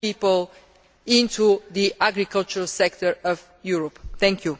people into the agricultural sector of europe. thank you.